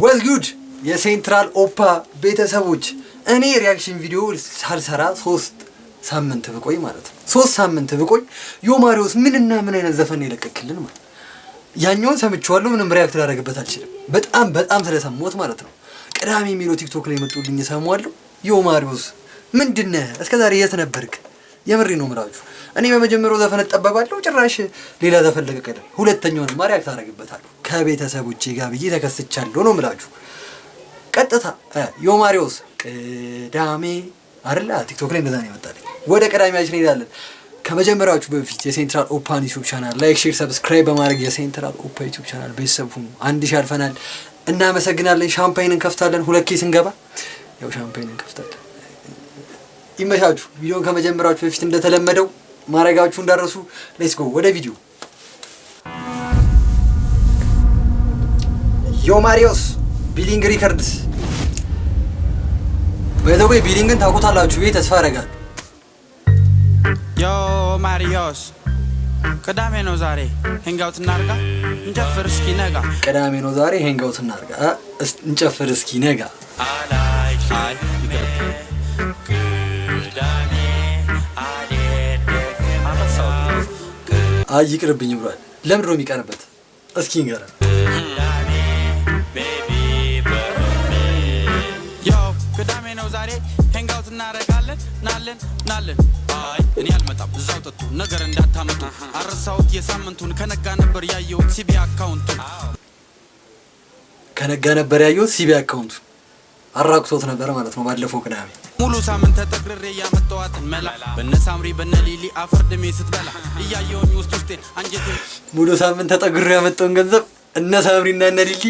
ወዝ ጉድ የሴንትራል ኦፓ ቤተሰቦች እኔ ሪያክሽን ቪዲዮ ሳልሰራ ሶስት ሳምንት ብቆይ ማለት ነው። ሶስት ሳምንት ብቆይ ዮማሪዎስ ምንና ምን አይነት ዘፈን የለቀክልን ማለት ያኛውን ሰምቼዋለሁ። ምንም ሪያክት ላደርግበት አልችልም። በጣም በጣም ስለሰማሁት ማለት ነው። ቅዳሜ የሚለው ቲክቶክ ላይ መጡልኝ ሰማዋለሁ። ዮማሪዎስ ምንድነህ? እስከዛሬ የት ነበርክ? የምሪ ነው ምላችሁ። እኔ በመጀመሪያው ዘፈን እጠበባለሁ። ጭራሽ ሌላ ዘፈን ለቀቀልን ሁለተኛውንማ ሪያክት አደርግበታለሁ። ከቤተሰቦቼ ጋር ብዬ ተከስቻለሁ ነው ምላችሁ። ቀጥታ ዮማሪዎስ ቅዳሜ አይደለ ቲክቶክ ላይ እንደዛ ነው ያመጣልኝ። ወደ ቀዳሚያችን እንሄዳለን። ከመጀመሪያዎቹ በፊት የሴንትራል ኦፓን ዩቱብ ቻናል ላይክ፣ ሼር፣ ሰብስክራይብ በማድረግ የሴንትራል ኦፓ ዩቱብ ቻናል ቤተሰብ ሁኑ። አንድ ሺ አልፈናል። እናመሰግናለን። ሻምፓይን እንከፍታለን። ሁለት ኬስ እንገባ። ያው ሻምፓይን እንከፍታለን። ይመሻችሁ። ቪዲዮን ከመጀመሪያችሁ በፊት እንደተለመደው ማድረጋችሁ እንዳረሱ። ሌትስ ጎ ወደ ቪዲዮ ዮማሪዮስ ቢሊንግ ሪከርድስ በዘዌ ቢሊንግን ታውቁታላችሁ ብዬ ተስፋ አደርጋለሁ። ዮማሪዮስ ቅዳሜ ነው ዛሬ ሄንጋውት እናርጋ እንጨፍር እስኪ ነጋ። ቅዳሜ ነው ዛሬ ሄንጋውት እናርጋ እንጨፍር እስኪ ነጋ። አይ ይቅርብኝ ብሏል። ለምንድን ነው የሚቀርበት? እስኪ ንገረን ሄንጋውት እናረጋለን ናለን ናለን። አይ እኔ አልመጣም፣ እዛው ጠጡ ነገር እንዳታመጡ። አረሳሁት የሳምንቱን ከነጋ ነበር ያየሁት ሲቢ አካውንቱ ከነጋ ነበር ያየሁት ሲቢ አካውንቱን አራቁቶት ነበር ማለት ነው። ባለፈው ቅዳሜ ሙሉ ሳምንት ተጠግሬ ያመጣዋትን መላ በነ ሳምሪ በነ ሊሊ አፈር ድሜ ስትበላ እያየሁኝ ውስጥ ውስጤን አንጀቴ ሙሉ ሳምንት ተጠግሬ ያመጣውን ገንዘብ እነ ሳምሪና እነ ሊሊ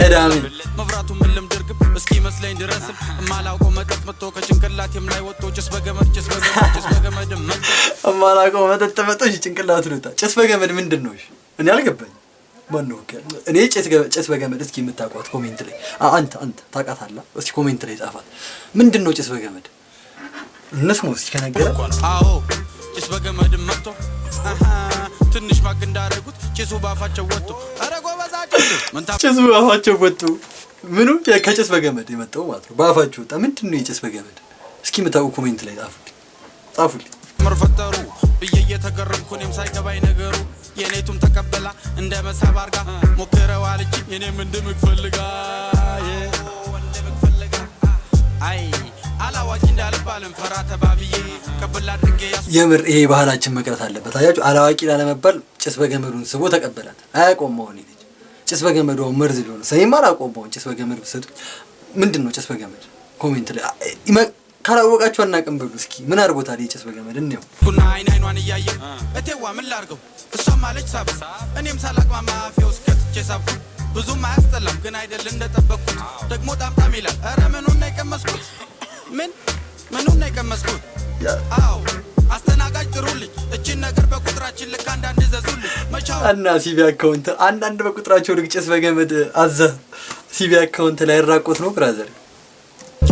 ቅዳሜ መብራቱ ምልም አልጠርግም እስኪ መስለኝ ድረስም እማላውቀው መጠጥ መጥቶ ከጭንቅላቴም ላይ ወጥቶ ጭስ በገመድ ጭስ በገመድ ጭስ በገመድ እማላውቀው መጠጥ መጥቶ ጭንቅላት ነታ ጭስ በገመድ ምንድን ነው? እኔ አልገባኝ። እኔ ጭስ በገመድ እስኪ የምታውቋት ኮሜንት ላይ አንተ አንተ ታውቃታለህ። እስኪ ኮሜንት ላይ ጻፋት። ምንድን ነው ጭስ በገመድ? እንስማው እስኪ ከነገረ አዎ ጭስ በገመድ መጥቶ ትንሽ ማግ እንዳረጉት ጭሱ ባፋቸው ወጡ። ጭሱ ባፋቸው ወጡ። ምንም ከጭስ በገመድ የመጣው ማለት ነው። በአፋችሁ ወጣ። ምንድን ነው የጭስ በገመድ? እስኪ የምታውቁ ኮሜንት ላይ ጻፉልኝ ጻፉልኝ። ምር ፈጠሩ ብዬ እየተገረምኩ እኔም ሳይገባኝ ነገሩ የኔቱም ተቀበላ እንደ መሳብ አርጋ ሞክረዋልች የኔም እንድምግፈልጋ አይ አላዋቂ እንዳልባልም ፈራ ተባብዬ ቀበላ አድርጌ የምር ይሄ ባህላችን መቅረት አለበት። አያችሁ፣ አላዋቂ ላለመባል ጭስ በገመዱን ስቦ ተቀበላት። አያቆም መሆን ልጅ ጭስ በገመድ መርዝ ሰይ ሰኔም አላቆም ጭስ በገመድ ብሰጡኝ ምንድን ነው ጭስ በገመድ ኮሜንት ላይ ካላወቃችሁ አናውቅም በሉ እስኪ ምን አድርጎታል የጭስ በገመድ እንየው ቡና አይን አይኗን እያየ እቴዋ ምን ላርገው እሷም አለች ሳብ እኔም ሳላቅ አፌ ውስጥ ከትቼ ሳብኩ ብዙም አያስጠላም ግን አይደል እንደጠበቅኩት ደግሞ ጣምጣም ይላል ኧረ ምኑን ነው የቀመስኩት ምን ምኑን ነው የቀመስኩት አዎ አስተናጋጅ ጥሩልኝ። እችን ነገር በቁጥራችን ልክ አንዳንድ ዘዙልኝ። እና ሲቪ አካውንት አንዳንድ በቁጥራቸው ልግጭት በገመድ አዘ ሲቪ አካውንት ላይ ራቆት ነው ብራዘር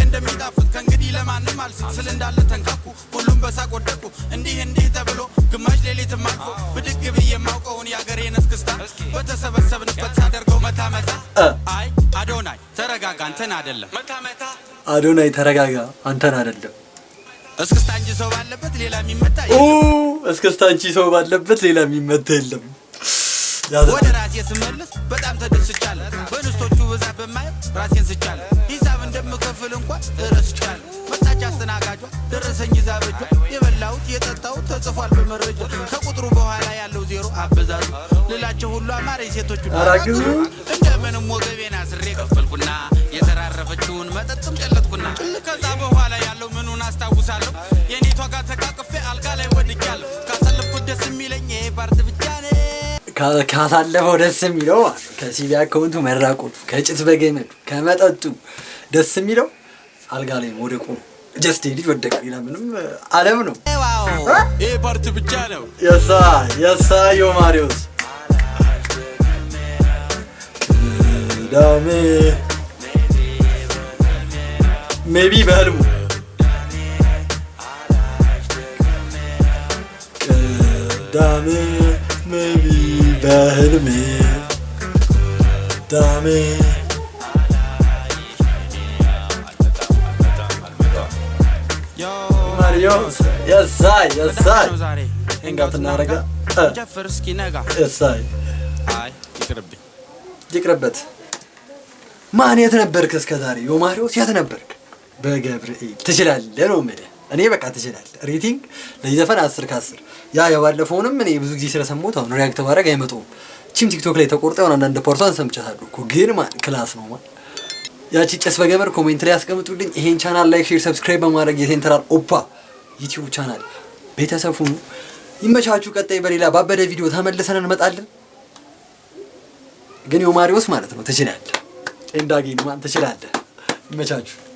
እንደሚጣፍጥ ከእንግዲህ ለማንም አልስል ስል እንዳለ ተንካኩ። ሁሉም በሳቅ ወደቁ። እንዲህ እንዲህ ተብሎ ግማሽ ሌሊት ማልፎ ብድግ ብዬ የማውቀውን የአገሬን እስክስታ በተሰበሰብንበት ሳደርገው መታመታ። አይ አዶናይ ተረጋጋ፣ አንተን አደለም። መታመታ አዶናይ ተረጋጋ፣ አንተን አደለም። እስክስታ እንጂ ሰው ባለበት ሌላ የሚመታ እስክስታ እንጂ ሰው ባለበት ሌላ የሚመታ የለም። ወደ ራሴ ስመልስ በጣም ተደስቻለሁ። በንስቶቹ ብዛት በማየው ራሴን ስቻለሁ። ሂሳብ እንደምከፍል እንኳን እረስቻለሁ። መጣች አስተናጋጇ ደረሰኝ ይዛ በጇ የበላሁት የጠጣሁት ተጽፏል በመረጃ ከቁጥሩ በኋላ ያለው ዜሮ አበዛዙ ያላቸው ሁሉ አማረ ሴቶች እንደምንም ወገቤን አስሬ ከፈልኩና የተራረፈችውን መጠጥም ጨለጥኩና ከዛ በኋላ ያለው ምኑን አስታውሳለሁ። የኔቷ ጋር ተቃቅፌ አልጋ ላይ ወድጃለሁ። ካሳለፍኩት ደስ የሚለኝ ይሄ ፓርት ብቻ ነው። ካሳለፈው ደስ የሚለው ከሲቪ አካውንቱ መራቆቱ፣ ከጭት በገመዱ፣ ከመጠጡ ደስ የሚለው አልጋ ላይ መውደቁ ነው። ልጅ ወደቀ። ሌላ ምንም አለም ነው። ይህ ፓርት ብቻ ነው። የሳ የሳ ዮ ቅዳሜ ሜቢ በህልሙ ቅዳሜ ሜቢ በህልሜ ቅዳሜ ይቅርብኝ ይቅርበት ማን የት ነበርክ ዛሬ? ዮማሪዎስ የት ነበርክ? በገብርኤል ትችላለህ ነው የምልህ። እኔ በቃ ትችላለህ። ሬቲንግ ለዚህ ዘፈን አስር ከአስር ያ የባለፈውንም እኔ ብዙ ጊዜ ስለሰሙት አሁን ሪያክት ማድረግ አይመጣውም። ቺም ቲክቶክ ላይ ተቆርጠ ሆን አንዳንድ ፖርቷን ሰምቻታለሁ እኮ ግን ማን ክላስ ነው ማን ያቺ ጭስ በገበር ኮሜንት ላይ ያስቀምጡልኝ። ይሄን ቻናል ላይክ፣ ሼር፣ ሰብስክራይብ በማድረግ የሴንትራል ኦፓ ዩቲዩብ ቻናል ቤተሰብ ሁኑ። ይመቻችሁ። ቀጣይ በሌላ ባበደ ቪዲዮ ተመልሰን እንመጣለን። ግን ዮማሪዎስ ማለት ነው ትችላለህ። ጤንዳጊ ማን ትችላለህ። ይመቻችሁ።